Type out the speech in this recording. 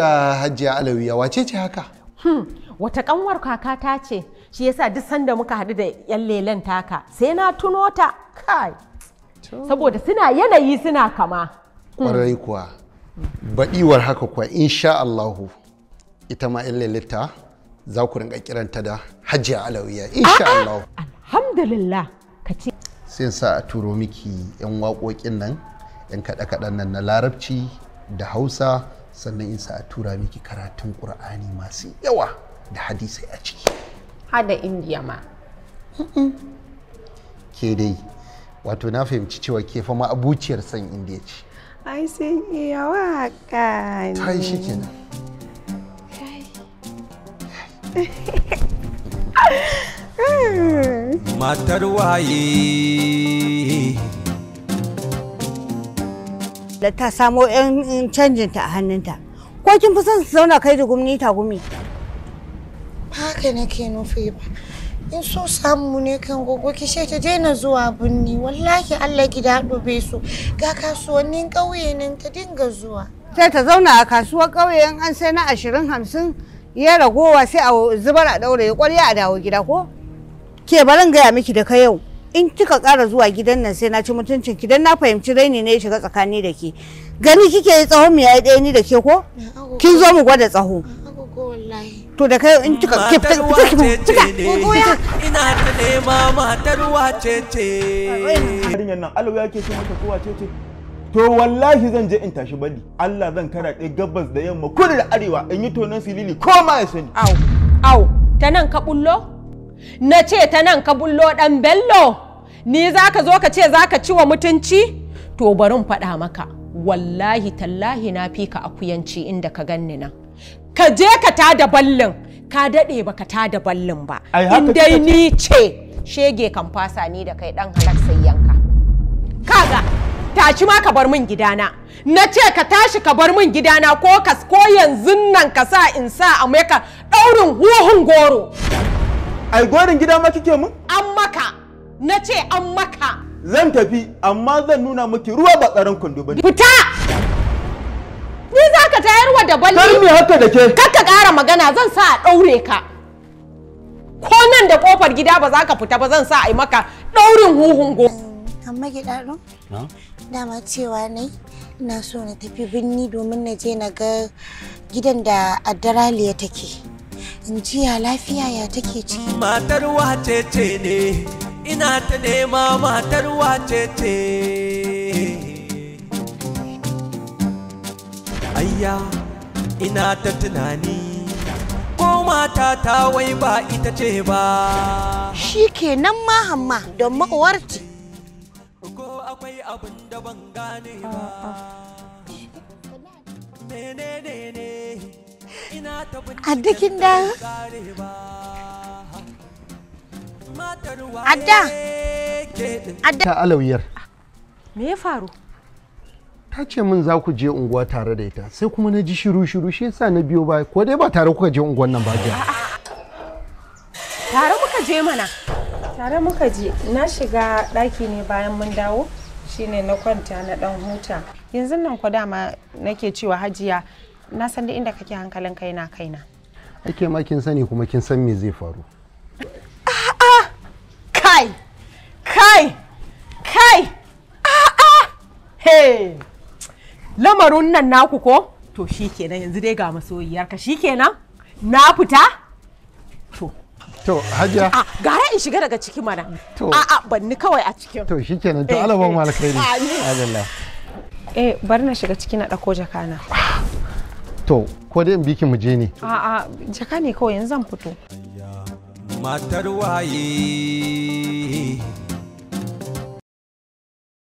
a hajiya alawiya wace ce haka hmm, wata kanwar kaka ta ce shi yasa duk sanda muka hadu da yan lelen taka sai na tuno ta kai saboda suna yanayi suna kama ƙwarai kuwa baɗiwar haka kuwa insha Allahu ita ma yan lelita za ku rinka kiranta da hajiya alawiya insha Allahu alhamdulillah ka ce sai sa a turo miki yan waƙoƙin nan yan kaɗe-kaɗen nan na larabci da hausa sannan in sa a tura miki karatun ƙur'ani masu yawa da hadisai a ciki hada indiya ma ke dai wato na fahimci cewa ke fa ma abuciyar san indiya ce ai sun iya waka ne ta yi shi kenan matar waye da ta samo 'yan canjinta a hannunta ko kin fi son su zauna kai da gumni ta gumi haka nake nufi ba in so samu ne kan gogo ki she ta daina zuwa binni wallahi Allah ki da dube su ga kasuwannin ƙauye nan ta dinga zuwa sai ta zauna a kasuwar ƙauye in an sai na ashirin hamsin ya ragowa sai a zubar a ɗaure ya kwarya a dawo gida ko ke barin gaya miki da ka yau in kika ƙara zuwa gidan nan sai na ci mutuncin ki dan na fahimci raini ne ya shiga tsakani da ke gani kike yi tsawon mu yayi ɗaya ni da ke ko kin zo mu gwada tsaho to da kai in kika ke fita fita ina ta nema matar wace ce yarinyar nan alau yake so mata ko wace ce to wallahi zan je in tashi bali Allah zan karaɗe gabas da yamma kudu da arewa in yi tonon silili ko ma ya sani au au ta nan ka bullo na ce ta nan ka bullo dan bello ni za ka zo ka ce za ka ci wa mutunci to bari faɗa maka wallahi tallahi na fi ka akuyanci inda ka ganni nan ka je ka ta da ballin ka daɗe ba ka ta da ballin ba in dai ni ce shege kan fasa ni da kai ɗan halak sai yanka kaga tashi ma ka bar min gidana na ce ka tashi ka bar min gidana ko ka ko yanzu nan ka sa in sa a maka daurin huhun goro ai gorin gida ma kike mun an maka na ce an maka zan tafi amma zan nuna miki ruwa ba tsaron kwando bane fita ni za ka wa da balli kar me haka da ke kar ka ƙara magana zan sa a ɗaure ka ko nan da kofar gida ba za ka fita ba zan sa a yi maka ɗaurin huhun go amma gidaro dama cewa nai ina so na tafi binni domin na je na ga gidan da addaraliya take in ji ya lafiya ya take ciki matar wace ce ne ina ta nema matar wace ce ayya ina ta tunani ko mata ta wai ba ita ce ba shi kenan ma hamma don mawarci ko akwai abin da ban gane ba ne ne ina ta bin da ban gane ba Adda! Adda! alawiyar. Me ya faru? Ta ce min za ku je unguwa tare da ita sai kuma na ji shiru-shiru shi yasa na biyo ba ko dai ba tare kuka je unguwan nan ba jiya. Tare kuka je mana. Tare muka je na shiga ɗaki ne bayan mun dawo shine na kwanta na ɗan huta. Yanzu nan ku dama nake cewa hajiya na san da inda kake hankalin kaina kaina. Ake ma kin sani kuma kin san me zai faru. kai kai ah, ah! he lamarin nan naku ko to shikenan yanzu dai ga masoyiyarka shikenan na fita to to hajiya a ah, gara in shiga daga ciki mana to a'a ah, banni kawai a cikin to shikenan to alaban malakai ne eh, eh. eh bar na shiga ciki na dako jakana to ko dai in biki mu je ne a'a jaka ne kawai yanzu zan fito matar waye